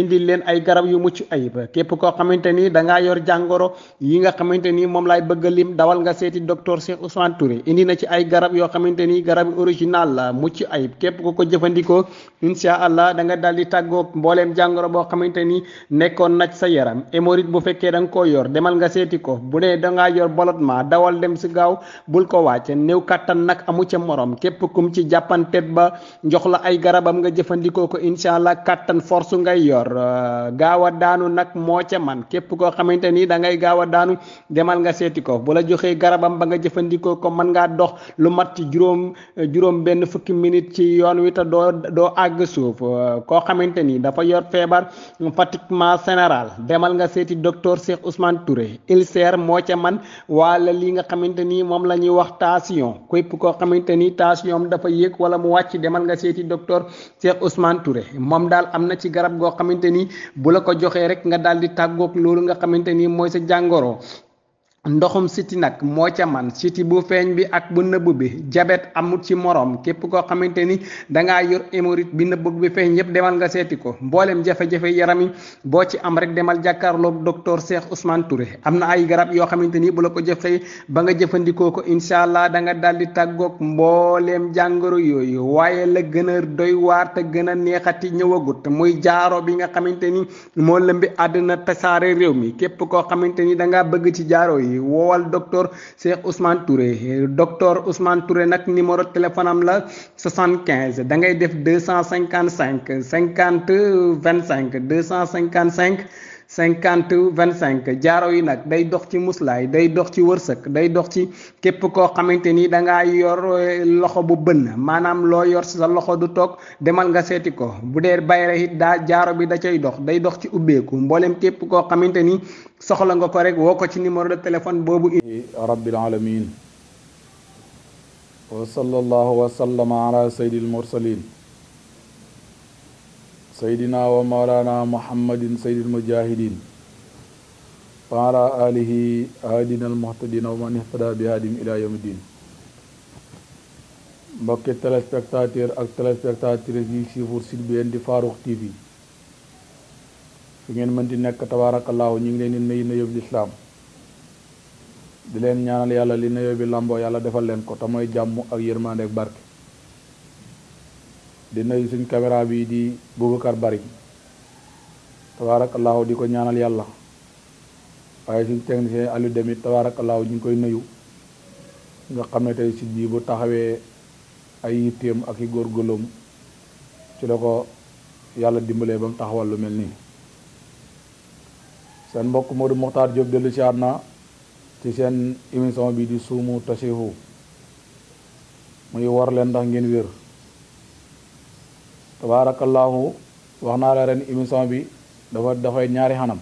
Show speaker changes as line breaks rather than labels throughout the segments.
indi len ay garab yu muccu ayib kep ko xamanteni da nga yor jangoro yi nga xamanteni mom lay laay bëgg lim dawal nga seti docteur Cheikh Ousmane Touré indi na ci ay garab yo xamanteni garab original la muccu ayib kep ko ko jëfandikoo insha allah da nga daldi taggo mbollem jangoro bo xamanteni nekkon nacc sa yaram hémorroïde bu fekke dang ko yor demal nga seti ko bu ne da nga yor bolotement dawal dem ci gaaw bul ko wàcce new katan nak amu ci morom kep kum ci tet ba njox la ay garabam nga jëfandikoo ko insha allah katan force ngay yor accord euh, gaaw a daanu nag moo ca man képp koo xamante nii da ngay gaaw a daanu demal nga seeti ko bu la joxee garabam ba nga jëfandikoo ko mën ngaa dox lu mat juróom euh, juróom benn fukki minute ci yoon wi te doo doo àgg suuf euh, koo xamante ni dafa yor feebar pratiquement général demal nga seeti docteur Cheikh Ousmane Touré ulcère moo ca man wala li nga xamante nii moom la ñuy wax tension képp koo xamante ni tension dafa yéeg wala mu wàcc demal nga seeti docteur Cheikh Ousmane xamante ni bu la ko joxee rek nga daal di tàggoog loolu nga xamante ni mooy sa jàngoro ndoxum siti nag moo ca man siti bu feeñ bi ak bu nëbb bi jabet amut ci moroom képp koo xamante ni dangaa yor hémorroïde bi nëbb bi feeñ yépp demal nga seeti ko mbooleem jafe-jafe yaram yi boo ci am rek demal jàkkaarloog docteur Cheikh Ousmane am na ay garab yoo xamante ni bu la ko jëfee ba nga jëfandikoo ko incha allah da nga daal di tàggoog mbooleem jàngoro yooyu waaye la gën a doy waar te gën a neexati ñëwagut muy jaaro bi nga xamante ni moo lëmbi àddina tasaare réew mi képp koo xamante ni dangaa bëgg ci jaaro yi bi woowal docteur Cheikh Touré docteur Ousmane Touré nag numéro téléphone am la 75 da ngay def deux cent cinquante cinquante cinq cinq deux cent cinquante cinq cinquante vingt cinq jaaro yi nag day dox ci muslaay day dox ci wërsëg day dox ci képp koo xamante ni da ngaa yor eh, loxo bu bënn maanaam loo yor sa loxo du toog demal nga seeti ko bu dee bayre it daa jaaro bi da cay dox day dox ci ubbeeku mboolem képp koo xamante ni soxla nga ko rek woo ko ci
numéro de téléphone boobu. rabbil alamin wa sallallahu wa sallama ala sayyidil mursalin سيدنا ومولانا محمد سيد المجاهدين وعلى آله هادنا المهتدين ومن اهتدى بهادهم إلى يوم mbokki téléspectateur ak téléspectatrices yi suivre site bi di Farokh TV fi ngeen mën di nekk tabaarakallaahu ñu ngi leen di nuyu nuyoob lislaam di leen ñaanal yàlla li nuyoo bi làmboo yàlla defal leen ko te mooy jàmm ak yërmande ak barke di nuyu suñ caméra bi di Boubacar Bari tabaarakallaahu di ko ñaanal yàlla waaye suñ technicien Aliou Demit tabaarakallaahu ñu ngi koy nuyu nga xam ne tey site bi bu taxawee ay yitteem ak i góorgóorloom ci la ko yàlla dimbalee ba mu taxawal lu mel nii seen mbokk Modou Mokhtar Diop dellu si na ci seen émission bi di suumu tasihu muy war leen ndax ngeen wér tabaarakallaahu wax naa la ren émission bi dafa dafay ñaari xanam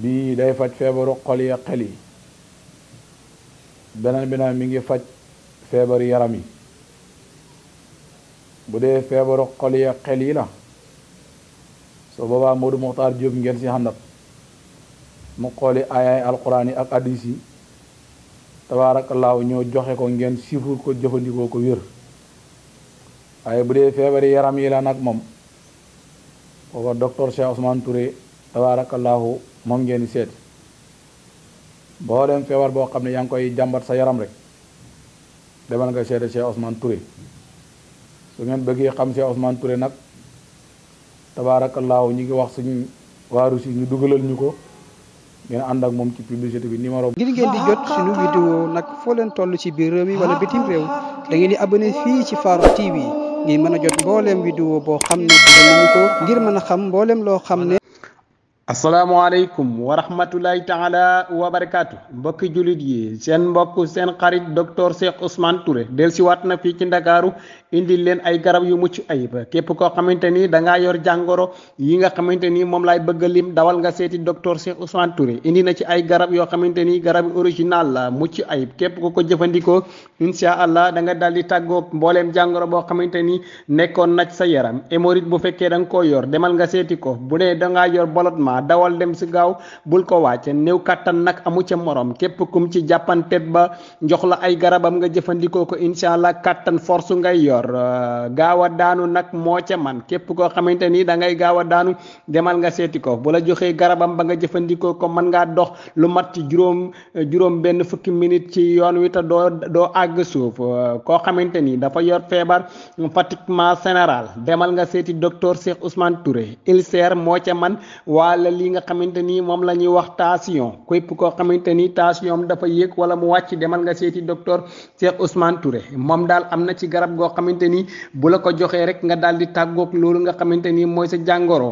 bii day faj feebaru xool yi xel yi beneen bi nag mi ngi faj feebar yaram yi bu dee feebaru xol yi xel yi la soo boobaa Modou Mokhtar Diop ngeen si xandat mu xooli ayaay alquran yi ak addis yi tabaarakallaahu ñoo joxe ko ngeen sifur ko jëfandikoo ko wér waaye bu dee feebari yaram yi la nag moom kooka docteur Cheikh Ousmane Touré tabaarakallaahu moom ngeen seeti boo dem feebar boo xam ne yaa ngi koy jàmbat sa yaram rek demal nga seeti Cheikh Ousmane Touré su ngeen bëggee xam Cheikh Ousmane Touré nag tabaarakallaahu ñu ngi wax suñu waaru si ñu dugalal ñu ko ngeen ànd ak moom ci publicité bi numéro. ngir ngeen di jot suñu vidéo nag foo leen toll ci biir réew
mi wala bitim réew da ngeen di abonné fii ci Faro TV. ni mën a jot mbooleem vidéo boo xam ne dinañ ko ngir mën a xam mbooleem loo xam ne asalaamaaleykum wa rahmatulahi taala wa barakaatu mbokki julit yi seen mbokk seen xarit docteur Cheikh Ousmane Touré dellusiwaat na fii ci ndakaaru indil leen ay garab yu mucc ayib képp koo xamante ni da ngaa yor jàngoro yi nga xamante ni moom laay bëgg lim dawal nga seeti docteur Cheikh Ousmane Touré indi na ci ay garab yoo xamante ni garab original la mucc ayib képp ko ko jëfandikoo insha allah da nga dal di tàggoog mbooleem jàngoro boo xamante ni nekkoon na sa yaram hémorroïde bu fekkee da nga koo yor demal nga seeti ko bu dee da ngaa yor bolotement dawal dem si gaaw bul ko wàcce néew kàttan nag amu ca morom képp kum ci jàppantet ba jox la ay garabam nga jëfandikoo ko insha allah kàttan force ngay yor d'accord uh, gaaw a daanu nag moo ca man képp koo xamante nii da ngay gaaw a daanu demal nga seeti ko bu la joxee garabam ba nga jëfandikoo ko mën ngaa dox lu mat juróom uh, juróom benn fukki minute ci yoon wi te doo doo àgg suuf uh, koo xamante ni dafa yor feebar pratiquement général demal nga seeti docteur Cheikh Ousmane Touré ulcère moo ca man wala lii nga xamante ni moom la ñuy wax tension képp koo xamante ni tension dafa yéeg wala mu wàcc demal nga seeti docteur Cheikh Ousmane xamante ni bu la ko joxee rek nga daal di tàggoog loolu nga xamante ni mooy sa jàngoro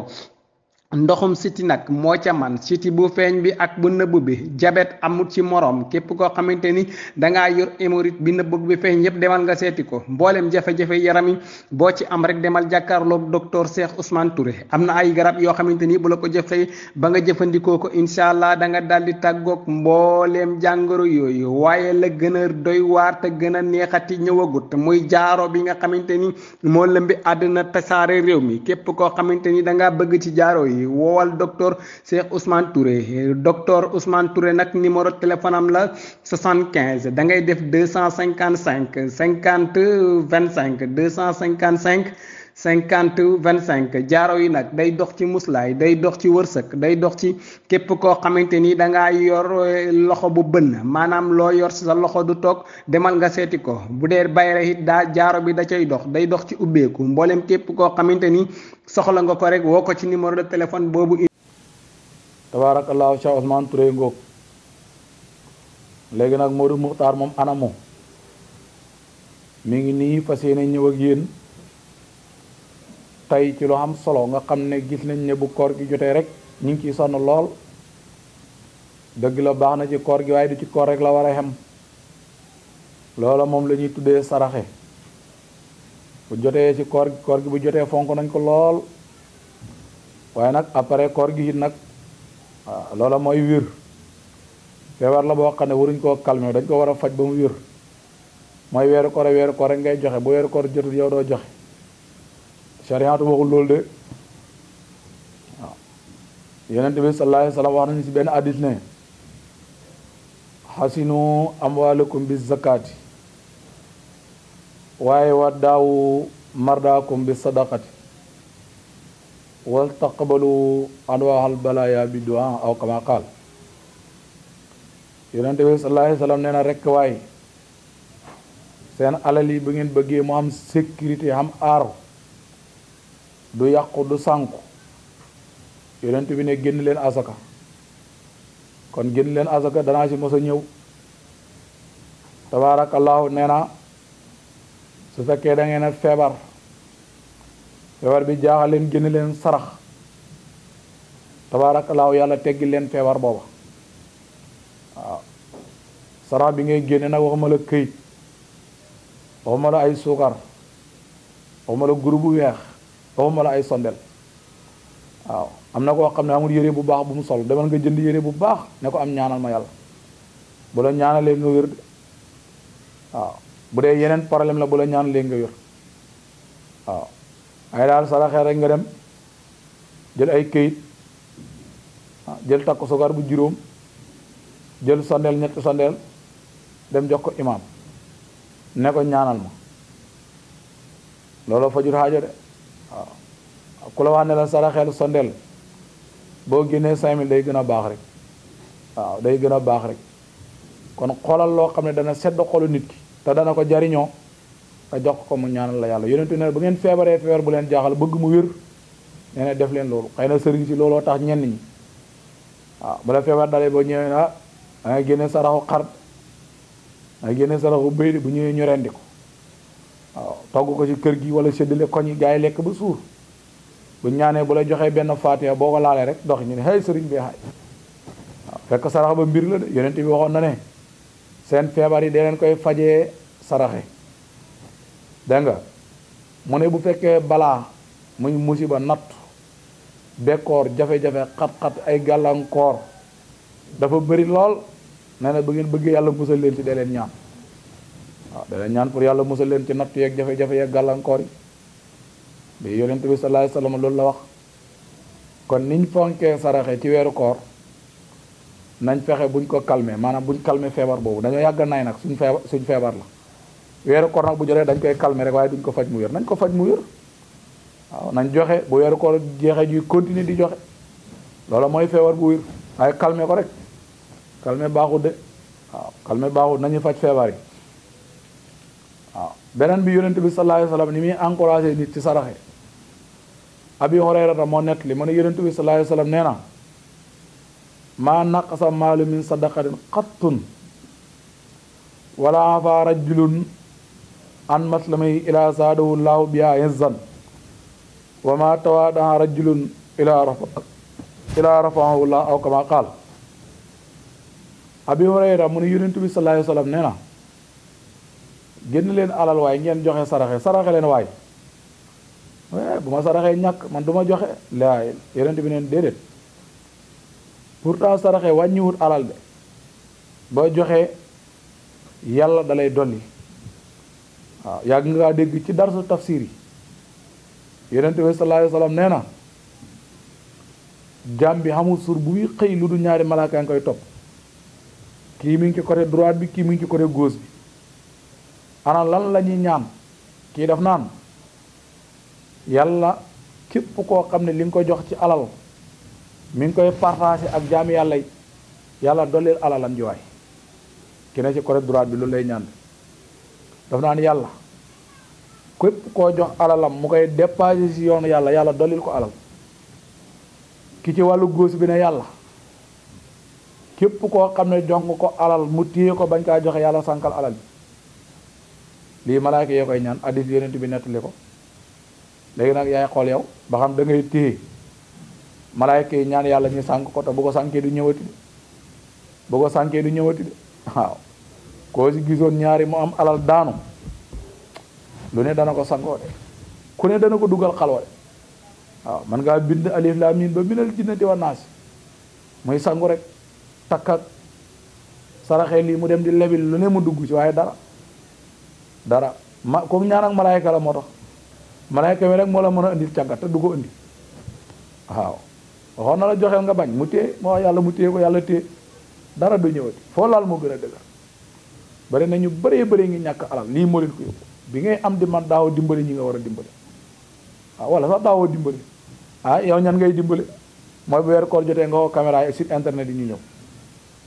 ndoxum siti nag moo ca man siti bu feeñ bi ak bu nëbb bi jabet amut ci moroom képp koo xamante ni dangaa yor hémorroïde bi nëbb bi feeñ yépp demal nga seeti ko mbooleem jafe-jafe yaram yi boo ci am rek demal jàkkaarlook docteur Cheikh Ousmane Touré am na ay garab yoo xamante ni bu la ko jëfee ba nga jëfandikoo ko incha allah da nga daldi tàggoog mbooleem jàngoro yooyu waaye la gën a doy waar te gën a neexati ñëwagut muy jaaro bi nga xamante ni moo lëmbi àddina tasaare réew mi képp koo xamante ni dangaa bëgg ci jaaro yi yi woowal docteur Cheikh Touré docteur Ousmane Touré nag numéro téléphone am la 75 da ngay def deux cinquante cinquante cinq cinq deux cent cinquante cinq 50, 25. cinq jaaro yi nag day dox ci muslaay day dox ci wërsëg day dox ci képp koo xamante ni da ngaa yor eh, loxo bu bënn maanaam loo yor sa loxo du toog demal nga seeti ko bu dee bayre it daa jaaro bi da cay dox day dox ci ubbeeku mboolem képp koo xamante
ni soxla nga ko rek woo ko ci numéro de téléphone boobu tabarakallahu cheikh ousmane touré ngok léegi nag moom mi ngi nii fas yéene ñëw ak yéen tay ci lu am solo nga xam ne gis nañ ne bu koor gi jotee rek ñu ngi ciy sonn lool dëgg la baax na ci koor gi waaye du ci koor rek la war a xem loola moom la ñuy tuddee saraxe bu jotee ci koor gi koor gi bu jotee fonk nañ ko lool waaye nag après koor gi it nag loola mooy wir feebar la boo xam waruñ koo dañ ko war a faj ba mu wir mooy weeru koor weeru koor rek ngay joxe bu weeru koor jotul yow doo joxe shariatu waxul loolu de waaw yonent bi sallallahu alayhi wa sallam wax si benn addis ne xasinu amwaalakum bi zakati waaye wa daawu mardaakum bi sadaqati wal taqbalu anwaahal balaaya bi duaa aw kama qaal yonent bi sallallahu alayhi wa na rekk waay seen alal yi bu ngeen bëggee mu am sécurité am aaro du yàqu du sànku yonent bi ne génn leen asaka kon génn leen asaka danaa ci mos a ñëw tabaarakallaahu nee na su fekkee da ngeen a feebar feebar bi jaaxal leen génn leen sarax tabaarakallaahu yàlla teggi leen feebar booba waaw sarax bi ngay génne na waxuma la këyit waxuma la ay suukar waxuma la guru bu weex waxuma la ay sondel waaw am na koo xam ne amul yére bu baax bu mu sol demal nga jënd yére bu baax ne ko am ñaanal ma yàlla bu la ñaanalee nga waaw bu dee yeneen problème la bu la ñaanalee nga wér waaw ay daal saraxee rek nga dem jël ay këyit jël takku suukar bu juróom jël sondeel ñetti sondeel dem jox ko imaam ne ñaanal ma looloo fajur xaajo de waaw ku la wax ne la saraxeel sondeel boo génnee cinq mille day gën a baax rek waaw day gën a baax rek kon xoolal loo xam ne dana sedd xolu nit ki te dana ko jariñoo nga jox ko mu ñaanal la yàlla yonentu ne bu ngeen feebaree feebar bu leen jaaxal bëgg mu wér nee na def leen loolu xëy na sëriñ si looloo tax ñenn ñi waaw bu la feebar dalee boo ñëwee ah da ngay saraxu xar da ngay génne saraxu bëy bu ñëwee ñu rendi togu ko ci kër gi wala séddale koñ gaay lekk ba suur bu ñaanee bu la joxe benn fatiha boo ko laalee rek dox ñu ne hey sëriñ bi Sen fekk sarax ba mbir la de yonent bi waxoon na ne seen feebar yi dee leen koy fajee saraxe dégg nga mu ne bu fekkee balaa muy musiba natt bekkoor jafe-jafe xat-xat ay gàllankoor dafa bëri lool nee na bu ngeen yàlla musal leen ci dee leen ñaan waaw ah, danañ ñaan pour yàlla musal leen ci natt yeeg jafe-jafe yeeg gàllankoor yi bi yonent bi sallallahu alayhi wa sallam loolu la wax kon niñ fonkee saraxe ci weeru koor nañ fexe buñ ko calmer maanaam buñ calmer feebar boobu dañoo yàgg naay nag suñ feebar suñ feebar la weeru koor nag bu jotee dañ koy calmer rek waaye duñ ko faj mu wér nañ ko faj mu wér waaw nañ joxe bu weeru koor jeexee ñuy continuer di joxe loolu mooy feebar bu wér waaye calmer ko rek calmer baaxut de waaw calmer baaxut nañu faj feebar yi beneen bi yonent bi sallallahu alayhi ni muy encouragé nit ci saraxe abi horayrata moo nett li mu bi sallallahu alayhi wa maa naqasa maalu min sadaqatin qattun wala afa rajulun an maslamay ila saadahu laahu biha izzan wa ma tawaadaha rajulun ila rafa ila rafaahu laahu kama qaal abi horayra mu ne bi sallallahu alayhi wa génn leen alal waaye ngeen joxe saraxe saraxe leen waay eh, bu ma saraxee ñàkk man duma joxe laay yonent bi neen déedéet pourtant saraxe wàññiwut alal de boo joxee yàlla dalay dolli waaw yàgg nga dégg ci darsu tafsir yi yonent bi sallallahu alayhi wasallam nee na jaam bi xamul suur bu muy xëy lu du ñaari malaaka nga koy topp kii mi ngi ci côté droite bi kii mi ngi ci côté gauche bi ana lan lañuy ñaan kii daf naan yalla képp koo xam ne li nga ko jox ci alal mi ngi koy partagé ak jaami yàlla yi yàlla dollil alalam jiwaay ki ne ci côté droit bi lu lay ñaan daf naan yàlla képp koo jox alalam mu koy dépassé si yoonu yàlla yàlla dollil ko alal ki ci wàllu góos bi ne yàlla képp koo xam ne jox ko alal mu téye bañ kaa joxe yàlla sànkal alal bi lii malaaka yee koy ñaan addis yonent bi nettali ko léegi nag yaay xool yow ba xam da ngay téye malaaka yi ñaan yàlla ñu sànq ko te bu ko sànkee du ñëwati de ko sànkee du ñëwati de waaw koo si gisoon ñaari mu am alal daanu lu ne dana ko sànkoo de ku ne dana ko dugal xalwa de waaw man ngaa bind alif laam miim ba minal jinnati wa naas muy sangu rek takk ak saraxee lii mu dem di lebil lu ne mu dugg ci waaye dara dara ma ko ñaan ak malaayka la moo malaika malaayka wi rek mo la mëna andil ciagat te du andi waaw waxoon na la joxe nga bañ mu téye moo yàlla mu téye ko yalla téye dara du ñëwati fo laal mo gëna dëgg bari nañu bari bari ngi ñak alal li mo leen ko yob bi ngay am di man daaw dimbali ñi nga wara a dimbali waaw wala sax daaw dimbali ah yow ñan ngay dimbali mooy bu weer koor jotee nga woo caméra site internet yi ñu ñëw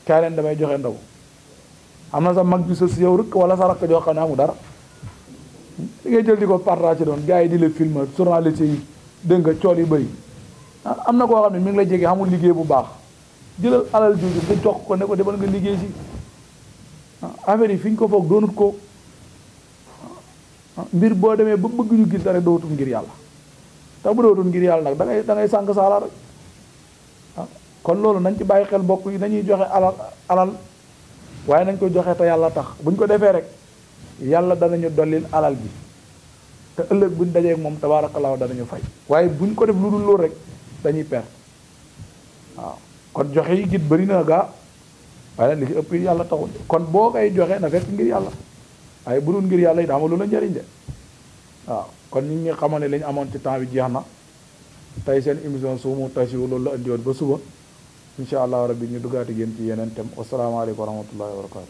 kaay damay joxe ndaw amna sa mag ju sa yow rek wala sa rak jo xana mu dara ngay jël di ko partage doon gars di le filmer journaliste yi dégg nga cioli beuy ah, amna ko xamni mi ngi la jégué amul liggéey bu baax jëlal alal jooju ci jox ko ne ko demal nga liggéey ci ah, affaire yi fi ko foog donut ko ah, mbir bo démé ba bëgg ñu gis dara dootul ngir yalla ta bu dootul ngir yalla nak da ngay da ngay sank sa rek kon lolu nañ ci bayyi xel bokk yi dañuy joxe alal alal waye nañ ko joxe ta yalla tax buñ ko défé rek da nañu dolil alal bi te ëllëg buñ dajee ak moom tabaarakallaahu danañu fay waaye buñ ko def lu dul loolu rek dañuy perte waaw kon joxe yi git bëri na gaa waaye nag li ci ëpp yàlla taxul kon boo koy joxe na fekk ngir yàlla waaye bu dul ngir yàlla it amul lu la njëriñ de waaw kon nit ñi xamal ne li ñu amoon ci temps yi jeex na tey seen émission suumu tasiwu loolu la andi woon ba suba incha allah rabbi ñu duggaati génn ci yeneen thème wasalaamaaleykum wa rahmatullahi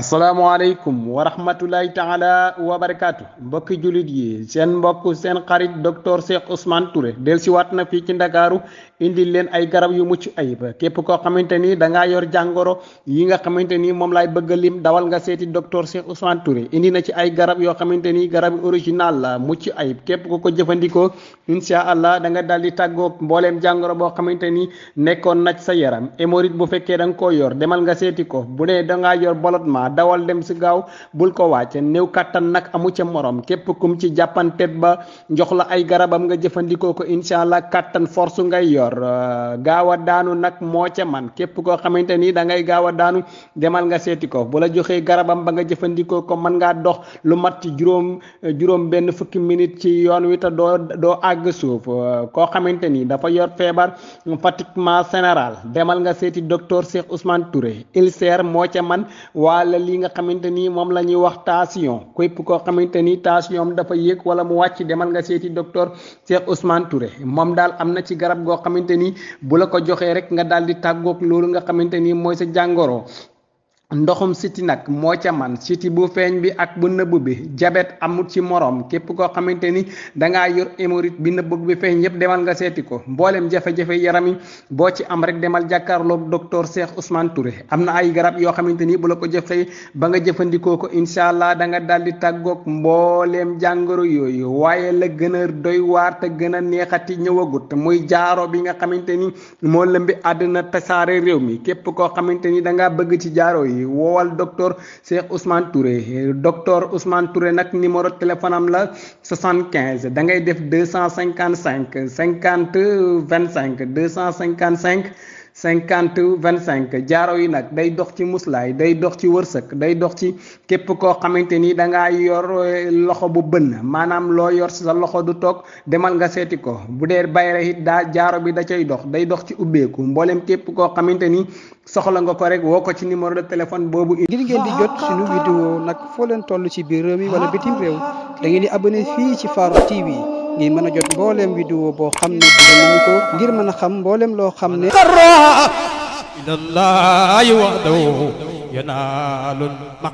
Assalamualaikum wa rahmatulahi taala wa barakaatu mbokki julit yi seen mbokk seen xarit docteur Cheikh Ousmane Touré wat na fii ci ndakaaru indi leen ay garab yu mucc ayib képp koo xamante ni da ngaa yor jàngoro yi nga xamante ni moom laay bëgg lim dawal nga seeti docteur Cheikh Ousmane Touré indi na ci ay garab yoo xamante ni garab original la mucc ayib képp ko ko jëfandikoo insha allah da nga daal di tàggoog mbooleem jàngoro boo xamante ni nekkoon sa yaram hémorroïde bu fekkee da nga yor demal nga seeti ko bu da ngaa yor bolotement ma dawal dem si gaaw bul ko wàcce new kàttan nag amu ca moroom képp kum ci jàppantet ba njox la ay garabam nga jëfandikoo ko incha allah kàttan force ngay yor euh, gaaw a daanu nag moo ca man képp koo xamante ni da ngay gaaw a daanu demal nga seeti ko bu joxee garabam ba nga jëfandikoo ko mën ngaa dox lu mat juróom euh, juróom benn fukki minute ci yoon wi doo doo àgg suuf euh, koo xamante ni dafa yor feebar pratiquement général demal nga seeti docteur Cheikh Ousmane Touré ulcère moo ca man waa wàll li nga xamante ni moom la ñuy wax tension képp koo xamante ni tension dafa yéeg wala mu wàcc demal nga seeti docteur Cheikh Ousmane Touré moom daal am na ci garab goo xamante ni bu la ko joxee rek nga daal di tàggoog loolu nga xamante ni mooy sa jàngoro ndoxum siti nag moo ca man siti bu feeñ bi ak bu nëbb bi jabet amut ci moroom képp koo xamante ni dangaa yor hémorroïde bi nëbb bi feeñ yépp demal nga seeti ko mbooleem jafe-jafe yaram yi boo ci am rek demal jàkkaarlook docteur Cheikh Ousmane Touré am na ay garab yoo xamante ni bu la ko jëfee ba nga jëfandikoo ko incha allah da nga daldi tàggoog mbooleem jàngoro yooyu waaye la gën a doy waar te gën a neexati ñëwagut muy jaaro bi nga xamante ni moo lëmbi àddina tasaare réew mi képp koo xamante ni dangaa bëgg ci jaaro yi yi woowal docteur Cheikh Ousmane Touré docteur Ousmane Touré nag numéro téléphone am la 75 da ngay def deux cinquante cinquante cinq cinq deux cent cinquante cinq cinquante vingt cinq jaaro yi nag day dox ci muslaay day dox ci wërsëg day dox ci képp koo xamante ni da ngaa yor eh, loxo bu bënn maanaam loo yor sa loxo du toog demal nga seeti ko bu dee bayre it daa jaaro bi da cay dox day dox ci ubbeeku mboolem képp koo xamante ni soxla nga ko rek woo ko ci numéro de téléphone boobu. ngir ngeen di jot suñu vidéo nag foo leen toll ci biir réew mi wala bitim réew da ngeen di abonné fii ci Farokh TV. ngir mën a jot mbooleem vidéo boo xam ne dina ñu ko ngir mën a xam mbooleem loo xam ne ilallahi wahdahu yanaalul maq